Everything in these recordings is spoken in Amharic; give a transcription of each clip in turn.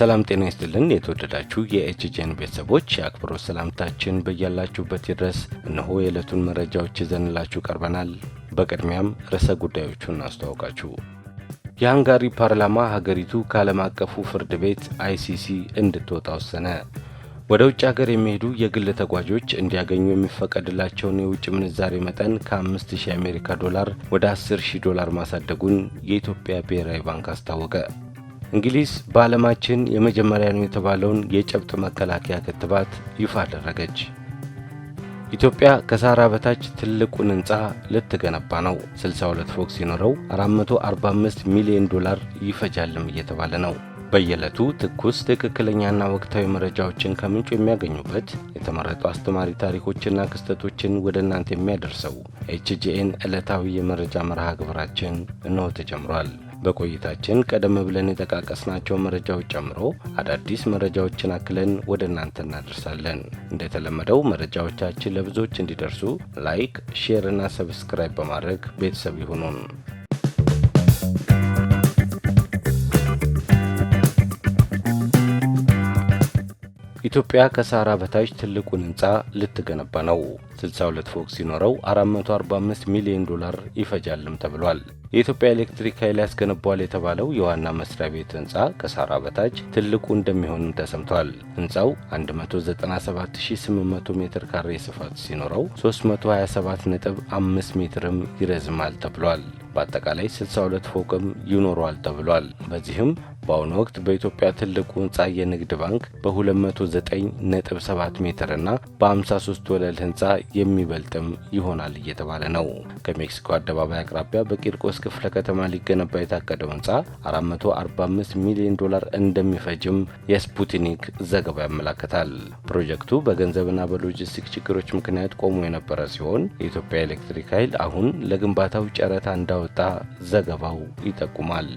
ሰላም ጤና ይስጥልን። የተወደዳችሁ የኤችጄን ቤተሰቦች የአክብሮት ሰላምታችን በያላችሁበት ይድረስ። እነሆ የዕለቱን መረጃዎች ይዘንላችሁ ቀርበናል። በቅድሚያም ርዕሰ ጉዳዮቹን አስተዋውቃችሁ የሃንጋሪ ፓርላማ ሀገሪቱ ከዓለም አቀፉ ፍርድ ቤት አይሲሲ እንድትወጣ ወሰነ። ወደ ውጭ ሀገር የሚሄዱ የግል ተጓዦች እንዲያገኙ የሚፈቀድላቸውን የውጭ ምንዛሬ መጠን ከ5000 የአሜሪካ ዶላር ወደ 10000 ዶላር ማሳደጉን የኢትዮጵያ ብሔራዊ ባንክ አስታወቀ። እንግሊዝ በዓለማችን የመጀመሪያ ነው የተባለውን የጨብጥ መከላከያ ክትባት ይፋ አደረገች። ኢትዮጵያ ከሳራ በታች ትልቁን ሕንፃ ልትገነባ ነው። 62 ፎቅ ሲኖረው 445 ሚሊዮን ዶላር ይፈጃልም እየተባለ ነው። በየዕለቱ ትኩስ ትክክለኛና ወቅታዊ መረጃዎችን ከምንጩ የሚያገኙበት የተመረጡ አስተማሪ ታሪኮችና ክስተቶችን ወደ እናንተ የሚያደርሰው ኤችጂኤን ዕለታዊ የመረጃ መርሃ ግብራችን እንሆ ተጀምሯል። በቆይታችን ቀደም ብለን የጠቃቀስናቸው መረጃዎች ጨምሮ አዳዲስ መረጃዎችን አክለን ወደ እናንተ እናደርሳለን። እንደተለመደው መረጃዎቻችን ለብዙዎች እንዲደርሱ ላይክ፣ ሼር እና ሰብስክራይብ በማድረግ ቤተሰብ ይሁኑን። ኢትዮጵያ ከሳራ በታች ትልቁን ህንፃ ልትገነባ ነው። 62 ፎቅ ሲኖረው 445 ሚሊዮን ዶላር ይፈጃልም ተብሏል። የኢትዮጵያ ኤሌክትሪክ ኃይል ያስገነቧል የተባለው የዋና መስሪያ ቤት ህንፃ ከሳራ በታች ትልቁ እንደሚሆንም ተሰምቷል። ህንፃው 197800 ሜትር ካሬ ስፋት ሲኖረው 327.5 ሜትርም ይረዝማል ተብሏል። በአጠቃላይ 62 ፎቅም ይኖረዋል ተብሏል። በዚህም በአሁኑ ወቅት በኢትዮጵያ ትልቁ ህንፃ የንግድ ባንክ በ209.7 ሜትር እና በ53 ወለል ህንፃ የሚበልጥም ይሆናል እየተባለ ነው። ከሜክሲኮ አደባባይ አቅራቢያ በቂርቆስ ክፍለ ከተማ ሊገነባ የታቀደው ህንፃ 445 ሚሊዮን ዶላር እንደሚፈጅም የስፑትኒክ ዘገባ ያመላክታል። ፕሮጀክቱ በገንዘብና በሎጂስቲክ ችግሮች ምክንያት ቆሞ የነበረ ሲሆን የኢትዮጵያ ኤሌክትሪክ ኃይል አሁን ለግንባታው ጨረታ እንዳወጣ ዘገባው ይጠቁማል።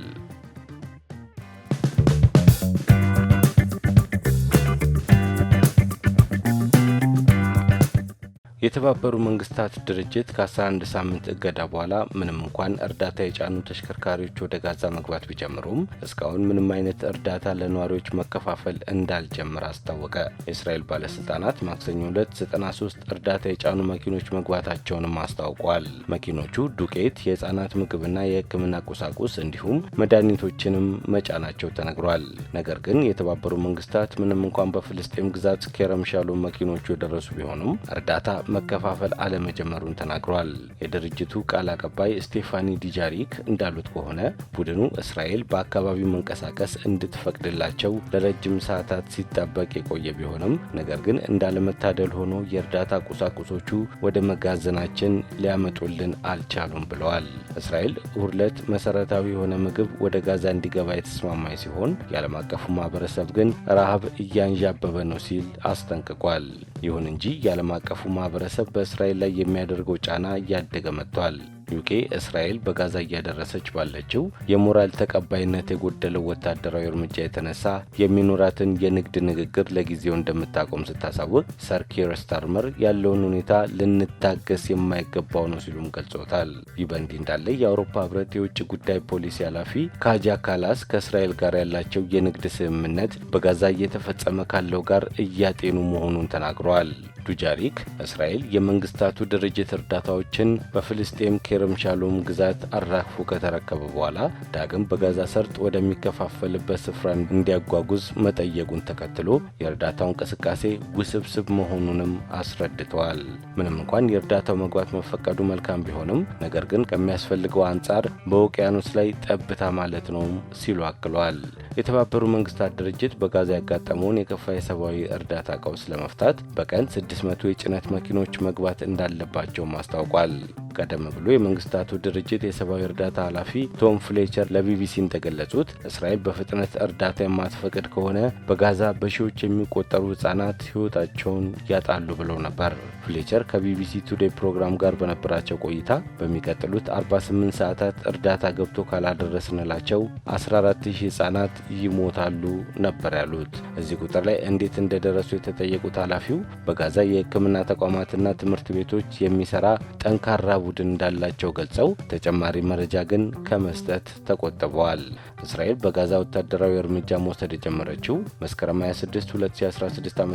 የተባበሩ መንግስታት ድርጅት ከ11 ሳምንት እገዳ በኋላ ምንም እንኳን እርዳታ የጫኑ ተሽከርካሪዎች ወደ ጋዛ መግባት ቢጀምሩም እስካሁን ምንም አይነት እርዳታ ለነዋሪዎች መከፋፈል እንዳልጀምር አስታወቀ። የእስራኤል ባለስልጣናት ማክሰኞ ዕለት 93 እርዳታ የጫኑ መኪኖች መግባታቸውንም አስታውቋል። መኪኖቹ ዱቄት፣ የህፃናት ምግብና የህክምና ቁሳቁስ እንዲሁም መድኃኒቶችንም መጫናቸው ተነግሯል። ነገር ግን የተባበሩ መንግስታት ምንም እንኳን በፍልስጤም ግዛት ከረምሻሉ መኪኖቹ የደረሱ ቢሆኑም እርዳታ መከፋፈል አለመጀመሩን ተናግሯል። የድርጅቱ ቃል አቀባይ ስቴፋኒ ዲጃሪክ እንዳሉት ከሆነ ቡድኑ እስራኤል በአካባቢው መንቀሳቀስ እንድትፈቅድላቸው ለረጅም ሰዓታት ሲጠበቅ የቆየ ቢሆንም ነገር ግን እንዳለመታደል ሆኖ የእርዳታ ቁሳቁሶቹ ወደ መጋዘናችን ሊያመጡልን አልቻሉም ብለዋል። እስራኤል እሁድ ዕለት መሰረታዊ የሆነ ምግብ ወደ ጋዛ እንዲገባ የተስማማኝ ሲሆን የዓለም አቀፉ ማህበረሰብ ግን ረሃብ እያንዣበበ ነው ሲል አስጠንቅቋል። ይሁን እንጂ የዓለም አቀፉ ማህበረ ማህበረሰብ በእስራኤል ላይ የሚያደርገው ጫና እያደገ መጥቷል። ዩኬ እስራኤል በጋዛ እያደረሰች ባለችው የሞራል ተቀባይነት የጎደለው ወታደራዊ እርምጃ የተነሳ የሚኖራትን የንግድ ንግግር ለጊዜው እንደምታቆም ስታሳውቅ ሰር ኪር ስታርመር ያለውን ሁኔታ ልንታገስ የማይገባው ነው ሲሉም ገልጾታል። ይህ በእንዲህ እንዳለ የአውሮፓ ህብረት የውጭ ጉዳይ ፖሊሲ ኃላፊ ካጃ ካላስ ከእስራኤል ጋር ያላቸው የንግድ ስምምነት በጋዛ እየተፈጸመ ካለው ጋር እያጤኑ መሆኑን ተናግረዋል። ዱጃሪክ እስራኤል የመንግስታቱ ድርጅት እርዳታዎችን በፍልስጤም ኬረም ሻሎም ግዛት አራክፎ ከተረከበ በኋላ ዳግም በጋዛ ሰርጥ ወደሚከፋፈልበት ስፍራ እንዲያጓጉዝ መጠየቁን ተከትሎ የእርዳታው እንቅስቃሴ ውስብስብ መሆኑንም አስረድተዋል። ምንም እንኳን የእርዳታው መግባት መፈቀዱ መልካም ቢሆንም ነገር ግን ከሚያስፈልገው አንጻር በውቅያኖስ ላይ ጠብታ ማለት ነው ሲሉ አክለዋል። የተባበሩ መንግስታት ድርጅት በጋዛ ያጋጠመውን የከፋ የሰብአዊ እርዳታ ቀውስ ለመፍታት በቀን 600 የጭነት መኪኖች መግባት እንዳለባቸውም አስታውቋል። ቀደም ብሎ የመንግስታቱ ድርጅት የሰብአዊ እርዳታ ኃላፊ ቶም ፍሌቸር ለቢቢሲ እንደገለጹት እስራኤል በፍጥነት እርዳታ የማትፈቅድ ከሆነ በጋዛ በሺዎች የሚቆጠሩ ህጻናት ህይወታቸውን ያጣሉ ብለው ነበር። ፍሌቸር ከቢቢሲ ቱዴይ ፕሮግራም ጋር በነበራቸው ቆይታ በሚቀጥሉት 48 ሰዓታት እርዳታ ገብቶ ካላደረስንላቸው 140 ህጻናት ይሞታሉ ነበር ያሉት። እዚህ ቁጥር ላይ እንዴት እንደደረሱ የተጠየቁት ኃላፊው በጋዛ የህክምና ተቋማትና ትምህርት ቤቶች የሚሰራ ጠንካራ ቡድን እንዳላቸው ገልጸው ተጨማሪ መረጃ ግን ከመስጠት ተቆጥበዋል። እስራኤል በጋዛ ወታደራዊ እርምጃ መውሰድ የጀመረችው መስከረም 26 2016 ዓ ም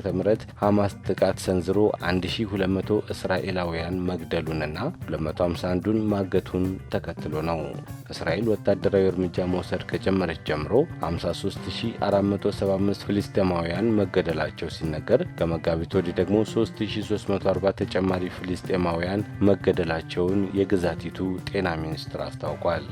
ሐማስ ጥቃት ሰንዝሮ 1200 እስራኤላውያን መግደሉንና 251ዱን ማገቱን ተከትሎ ነው። እስራኤል ወታደራዊ እርምጃ መውሰድ ከጀመረች ጀምሮ 53475 ፍልስጤማውያን መገደላቸው ሲነገር ከመጋቢት ወዲህ ደግሞ 3340 ተጨማሪ ፍልስጤማውያን መገደላቸው መሆናቸውን የግዛቲቱ ጤና ሚኒስትር አስታውቋል።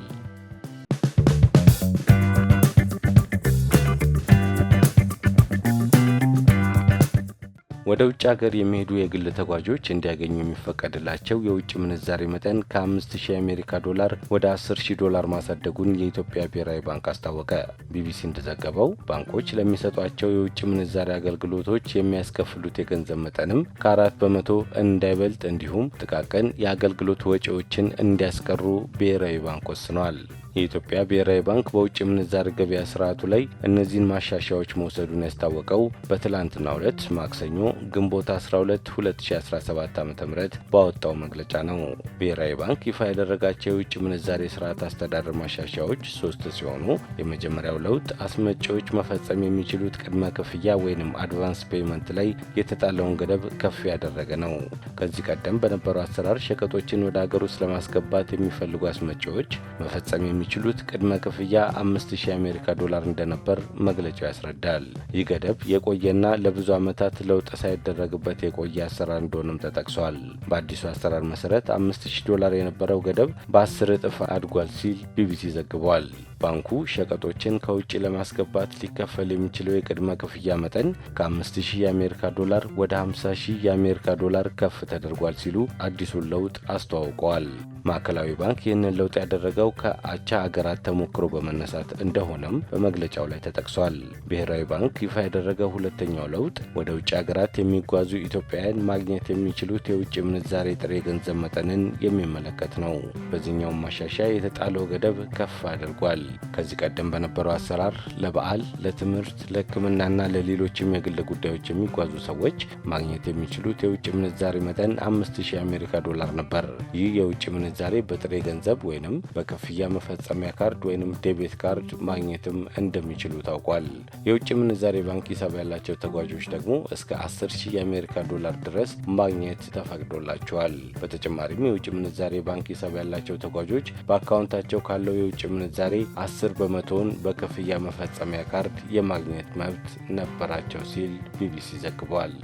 ወደ ውጭ ሀገር የሚሄዱ የግል ተጓዦች እንዲያገኙ የሚፈቀድላቸው የውጭ ምንዛሬ መጠን ከ5000 የአሜሪካ ዶላር ወደ 10000 ዶላር ማሳደጉን የኢትዮጵያ ብሔራዊ ባንክ አስታወቀ። ቢቢሲ እንደዘገበው ባንኮች ለሚሰጧቸው የውጭ ምንዛሬ አገልግሎቶች የሚያስከፍሉት የገንዘብ መጠንም ከአራት በመቶ እንዳይበልጥ እንዲሁም ጥቃቅን የአገልግሎት ወጪዎችን እንዲያስቀሩ ብሔራዊ ባንክ ወስኗል። የኢትዮጵያ ብሔራዊ ባንክ በውጭ ምንዛር ገበያ ስርዓቱ ላይ እነዚህን ማሻሻያዎች መውሰዱን ያስታወቀው በትላንትናው ዕለት ማክሰኞ ግንቦት 12 2017 ዓ ም ባወጣው መግለጫ ነው። ብሔራዊ ባንክ ይፋ ያደረጋቸው የውጭ ምንዛሬ ስርዓት አስተዳደር ማሻሻያዎች ሶስት ሲሆኑ የመጀመሪያው ለውጥ አስመጪዎች መፈጸም የሚችሉት ቅድመ ክፍያ ወይንም አድቫንስ ፔይመንት ላይ የተጣለውን ገደብ ከፍ ያደረገ ነው። ከዚህ ቀደም በነበረው አሰራር ሸቀጦችን ወደ አገር ውስጥ ለማስገባት የሚፈልጉ አስመጪዎች መፈጸም የሚ የሚችሉት ቅድመ ክፍያ 5000 የአሜሪካ ዶላር እንደነበር መግለጫው ያስረዳል። ይህ ገደብ የቆየና ለብዙ ዓመታት ለውጥ ሳይደረግበት የቆየ አሰራር እንደሆነም ተጠቅሷል። በአዲሱ አሰራር መሰረት 5000 ዶላር የነበረው ገደብ በ10 እጥፍ አድጓል ሲል ቢቢሲ ዘግቧል። ባንኩ ሸቀጦችን ከውጭ ለማስገባት ሊከፈል የሚችለው የቅድመ ክፍያ መጠን ከ5000 የአሜሪካ ዶላር ወደ 50000 የአሜሪካ ዶላር ከፍ ተደርጓል ሲሉ አዲሱን ለውጥ አስተዋውቀዋል። ማዕከላዊ ባንክ ይህንን ለውጥ ያደረገው ከአቻ ሀገራት ተሞክሮ በመነሳት እንደሆነም በመግለጫው ላይ ተጠቅሷል። ብሔራዊ ባንክ ይፋ ያደረገው ሁለተኛው ለውጥ ወደ ውጭ ሀገራት የሚጓዙ ኢትዮጵያውያን ማግኘት የሚችሉት የውጭ ምንዛሬ ጥሬ ገንዘብ መጠንን የሚመለከት ነው። በዚህኛውም ማሻሻያ የተጣለው ገደብ ከፍ አድርጓል። ከዚህ ቀደም በነበረው አሰራር ለበዓል፣ ለትምህርት፣ ለሕክምናና ለሌሎችም የግል ጉዳዮች የሚጓዙ ሰዎች ማግኘት የሚችሉት የውጭ ምንዛሬ መጠን 5000 አሜሪካ ዶላር ነበር። ይህ የውጭ ምንዛሬ በጥሬ ገንዘብ ወይንም በክፍያ መፈጸሚያ ካርድ ወይንም ዴቤት ካርድ ማግኘትም እንደሚችሉ ታውቋል። የውጭ ምንዛሬ ባንክ ሂሳብ ያላቸው ተጓዦች ደግሞ እስከ 10000 የአሜሪካ ዶላር ድረስ ማግኘት ተፈቅዶላቸዋል። በተጨማሪም የውጭ ምንዛሬ ባንክ ሂሳብ ያላቸው ተጓዦች በአካውንታቸው ካለው የውጭ ምንዛሬ አስር በመቶውን በክፍያ መፈጸሚያ ካርድ የማግኘት መብት ነበራቸው ሲል ቢቢሲ ዘግቧል።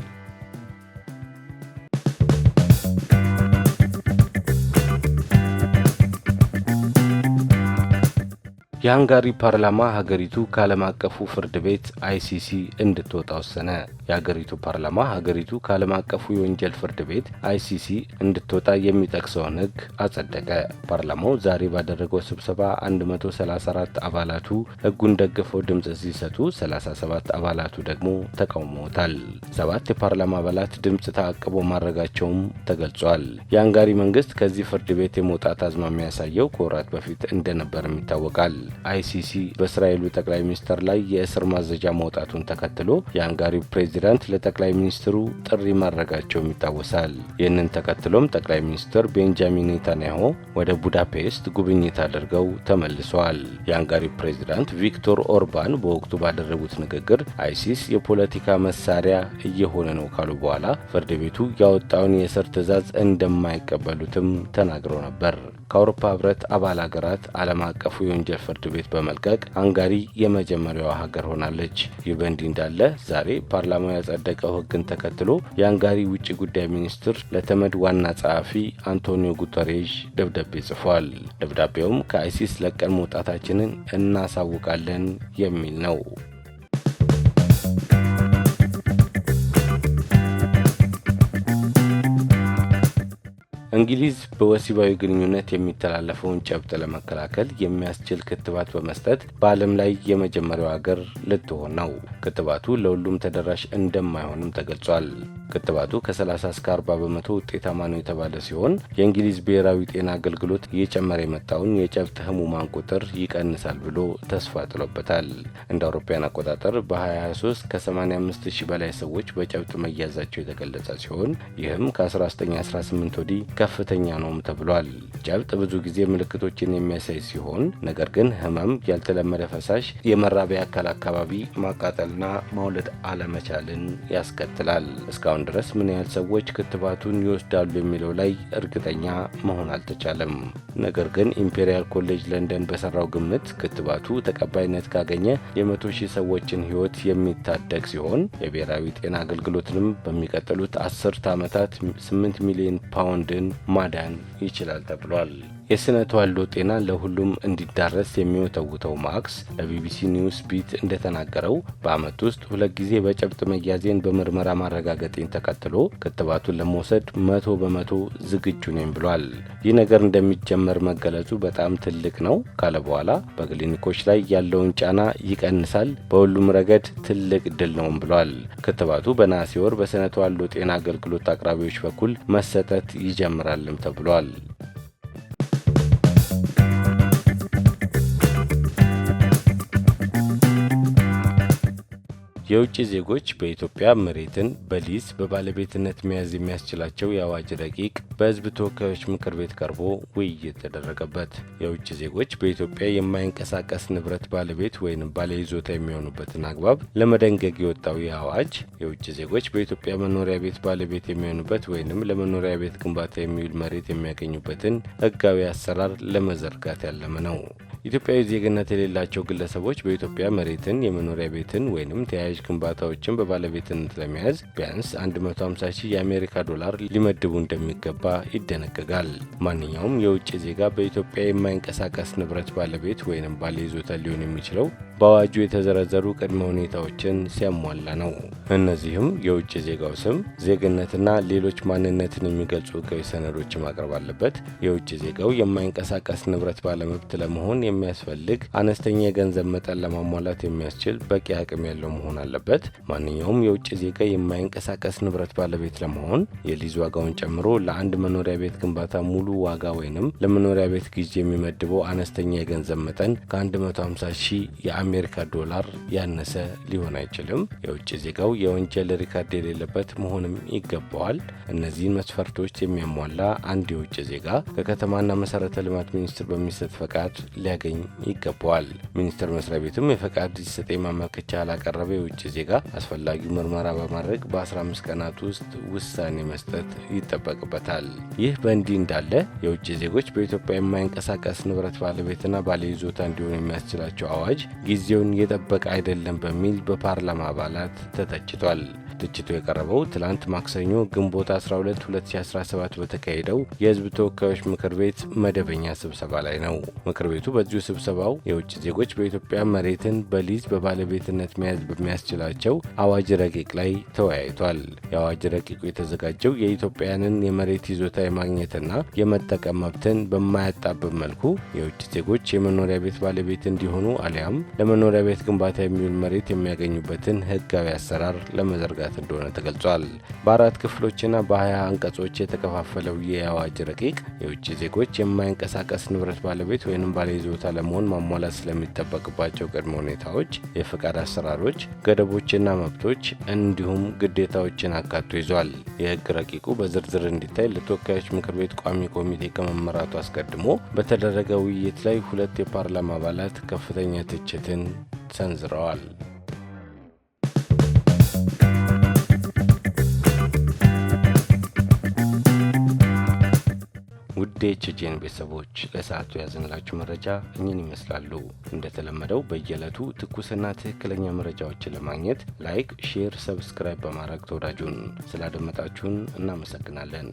የሃንጋሪ ፓርላማ ሀገሪቱ ከዓለም አቀፉ ፍርድ ቤት አይሲሲ እንድትወጣ ወሰነ። የሀገሪቱ ፓርላማ ሀገሪቱ ከዓለም አቀፉ የወንጀል ፍርድ ቤት አይሲሲ እንድትወጣ የሚጠቅሰውን ሕግ አጸደቀ። ፓርላማው ዛሬ ባደረገው ስብሰባ 134 አባላቱ ሕጉን ደግፈው ድምፅ ሲሰጡ 37 አባላቱ ደግሞ ተቃውመውታል። ሰባት የፓርላማ አባላት ድምፅ ተአቅቦ ማድረጋቸውም ተገልጿል። የሃንጋሪ መንግስት ከዚህ ፍርድ ቤት የመውጣት አዝማሚያ ያሳየው ከወራት በፊት እንደነበርም ይታወቃል። አይሲሲ በእስራኤሉ ጠቅላይ ሚኒስትር ላይ የእስር ማዘጃ መውጣቱን ተከትሎ የአንጋሪው ፕሬዚዳንት ለጠቅላይ ሚኒስትሩ ጥሪ ማድረጋቸውም ይታወሳል። ይህንን ተከትሎም ጠቅላይ ሚኒስትር ቤንጃሚን ኔታንያሁ ወደ ቡዳፔስት ጉብኝት አድርገው ተመልሰዋል። የአንጋሪው ፕሬዚዳንት ቪክቶር ኦርባን በወቅቱ ባደረጉት ንግግር አይሲስ የፖለቲካ መሳሪያ እየሆነ ነው ካሉ በኋላ ፍርድ ቤቱ ያወጣውን የእስር ትዕዛዝ እንደማይቀበሉትም ተናግረው ነበር። ከአውሮፓ ህብረት አባል ሀገራት ዓለም አቀፉ የወንጀል ፍርድ ፍርድ ቤት በመልቀቅ ሃንጋሪ የመጀመሪያዋ ሀገር ሆናለች። ይህ በእንዲህ እንዳለ ዛሬ ፓርላማው ያጸደቀው ሕግን ተከትሎ የሃንጋሪ ውጭ ጉዳይ ሚኒስትር ለተመድ ዋና ጸሐፊ አንቶኒዮ ጉተሬዥ ደብዳቤ ጽፏል። ደብዳቤውም ከአይሲስ ለቀን መውጣታችንን እናሳውቃለን የሚል ነው። እንግሊዝ በወሲባዊ ግንኙነት የሚተላለፈውን ጨብጥ ለመከላከል የሚያስችል ክትባት በመስጠት በዓለም ላይ የመጀመሪያው ሀገር ልትሆን ነው። ክትባቱ ለሁሉም ተደራሽ እንደማይሆንም ተገልጿል። ክትባቱ ከ30 እስከ 40 በመቶ ውጤታማ ነው የተባለ ሲሆን የእንግሊዝ ብሔራዊ ጤና አገልግሎት እየጨመረ የመጣውን የጨብጥ ህሙማን ቁጥር ይቀንሳል ብሎ ተስፋ ጥሎበታል። እንደ አውሮፓውያን አቆጣጠር በ2023 ከ85 ሺህ በላይ ሰዎች በጨብጥ መያዛቸው የተገለጸ ሲሆን ይህም ከ1918 ወዲህ ከፍተኛ ነውም ተብሏል። ጨብጥ ብዙ ጊዜ ምልክቶችን የሚያሳይ ሲሆን ነገር ግን ህመም፣ ያልተለመደ ፈሳሽ፣ የመራቢያ አካል አካባቢ ማቃጠልና ማውለድ አለመቻልን ያስከትላል። እስካሁን ድረስ ምን ያህል ሰዎች ክትባቱን ይወስዳሉ የሚለው ላይ እርግጠኛ መሆን አልተቻለም። ነገር ግን ኢምፔሪያል ኮሌጅ ለንደን በሰራው ግምት ክትባቱ ተቀባይነት ካገኘ የመቶ ሺህ ሰዎችን ህይወት የሚታደግ ሲሆን የብሔራዊ ጤና አገልግሎትንም በሚቀጥሉት አስርት ዓመታት 8 ሚሊዮን ፓውንድን ማዳን ይችላል ተብሏል። የስነ ተዋልዶ ጤና ለሁሉም እንዲዳረስ የሚወተውተው ማክስ ለቢቢሲ ኒውስ ቢት እንደተናገረው በአመት ውስጥ ሁለት ጊዜ በጨብጥ መያዜን በምርመራ ማረጋገጤን ተከትሎ ክትባቱን ለመውሰድ መቶ በመቶ ዝግጁ ነኝ ብሏል። ይህ ነገር እንደሚጀመር መገለጹ በጣም ትልቅ ነው ካለ በኋላ በክሊኒኮች ላይ ያለውን ጫና ይቀንሳል፣ በሁሉም ረገድ ትልቅ ድል ነውም ብሏል። ክትባቱ በነሐሴ ወር በስነ ተዋልዶ ጤና አገልግሎት አቅራቢዎች በኩል መሰጠት ይጀምራልም ተብሏል። የውጭ ዜጎች በኢትዮጵያ መሬትን በሊዝ በባለቤትነት መያዝ የሚያስችላቸው የአዋጅ ረቂቅ በሕዝብ ተወካዮች ምክር ቤት ቀርቦ ውይይት ተደረገበት። የውጭ ዜጎች በኢትዮጵያ የማይንቀሳቀስ ንብረት ባለቤት ወይም ባለይዞታ የሚሆኑበትን አግባብ ለመደንገግ የወጣው ይህ አዋጅ የውጭ ዜጎች በኢትዮጵያ መኖሪያ ቤት ባለቤት የሚሆኑበት ወይንም ለመኖሪያ ቤት ግንባታ የሚውል መሬት የሚያገኙበትን ሕጋዊ አሰራር ለመዘርጋት ያለመ ነው። ኢትዮጵያዊ ዜግነት የሌላቸው ግለሰቦች በኢትዮጵያ መሬትን፣ የመኖሪያ ቤትን ወይም ተያያዥ ግንባታዎችን በባለቤትነት ለመያዝ ቢያንስ 150 ሺህ የአሜሪካ ዶላር ሊመድቡ እንደሚገባ ይደነግጋል። ማንኛውም የውጭ ዜጋ በኢትዮጵያ የማይንቀሳቀስ ንብረት ባለቤት ወይም ባለይዞታ ሊሆን የሚችለው በአዋጁ የተዘረዘሩ ቅድመ ሁኔታዎችን ሲያሟላ ነው። እነዚህም የውጭ ዜጋው ስም፣ ዜግነትና ሌሎች ማንነትን የሚገልጹ ህጋዊ ሰነዶች ማቅረብ አለበት። የውጭ ዜጋው የማይንቀሳቀስ ንብረት ባለመብት ለመሆን የሚያስፈልግ አነስተኛ የገንዘብ መጠን ለማሟላት የሚያስችል በቂ አቅም ያለው መሆን አለበት። ማንኛውም የውጭ ዜጋ የማይንቀሳቀስ ንብረት ባለቤት ለመሆን የሊዝ ዋጋውን ጨምሮ ለአንድ መኖሪያ ቤት ግንባታ ሙሉ ዋጋ ወይንም ለመኖሪያ ቤት ጊዜ የሚመድበው አነስተኛ የገንዘብ መጠን ከ150 ሺህ የአሜሪካ ዶላር ያነሰ ሊሆን አይችልም። የውጭ ዜጋው የወንጀል ሪካርድ የሌለበት መሆንም ይገባዋል። እነዚህን መስፈርቶች የሚያሟላ አንድ የውጭ ዜጋ ከከተማና መሰረተ ልማት ሚኒስቴር በሚሰጥ ፈቃድ ሊያገኝ ይገባዋል። ሚኒስቴር መስሪያ ቤቱም የፈቃድ ሲሰጠ ማመልከቻ ላቀረበ የውጭ ዜጋ አስፈላጊው ምርመራ በማድረግ በ15 ቀናት ውስጥ ውሳኔ መስጠት ይጠበቅበታል። ይህ በእንዲህ እንዳለ የውጭ ዜጎች በኢትዮጵያ የማይንቀሳቀስ ንብረት ባለቤትና ባለይዞታ እንዲሆኑ የሚያስችላቸው አዋጅ ጊዜ ጊዜውን የጠበቀ አይደለም በሚል በፓርላማ አባላት ተተችቷል። ትችቱ የቀረበው ትላንት ማክሰኞ ግንቦት 12 2017 በተካሄደው የህዝብ ተወካዮች ምክር ቤት መደበኛ ስብሰባ ላይ ነው። ምክር ቤቱ በዚሁ ስብሰባው የውጭ ዜጎች በኢትዮጵያ መሬትን በሊዝ በባለቤትነት መያዝ በሚያስችላቸው አዋጅ ረቂቅ ላይ ተወያይቷል። የአዋጅ ረቂቁ የተዘጋጀው የኢትዮጵያውያንን የመሬት ይዞታ የማግኘትና የመጠቀም መብትን በማያጣብብ መልኩ የውጭ ዜጎች የመኖሪያ ቤት ባለቤት እንዲሆኑ አሊያም ለመኖሪያ ቤት ግንባታ የሚውል መሬት የሚያገኙበትን ህጋዊ አሰራር ለመዘርጋት ምክንያት እንደሆነ ተገልጿል። በአራት ክፍሎችና በ20 አንቀጾች የተከፋፈለው ይህ አዋጅ ረቂቅ የውጭ ዜጎች የማይንቀሳቀስ ንብረት ባለቤት ወይም ባለይዞታ ለመሆን ማሟላት ስለሚጠበቅባቸው ቅድመ ሁኔታዎች፣ የፈቃድ አሰራሮች፣ ገደቦችና መብቶች እንዲሁም ግዴታዎችን አካቶ ይዟል። የህግ ረቂቁ በዝርዝር እንዲታይ ለተወካዮች ምክር ቤት ቋሚ ኮሚቴ ከመመራቱ አስቀድሞ በተደረገ ውይይት ላይ ሁለት የፓርላማ አባላት ከፍተኛ ትችትን ሰንዝረዋል። ዲኤችጄን ቤተሰቦች ለሰዓቱ ያዘንላችሁ መረጃ እኝን ይመስላሉ። እንደተለመደው በየዕለቱ ትኩስና ትክክለኛ መረጃዎችን ለማግኘት ላይክ፣ ሼር፣ ሰብስክራይብ በማድረግ ተወዳጁን ስላደመጣችሁን እናመሰግናለን።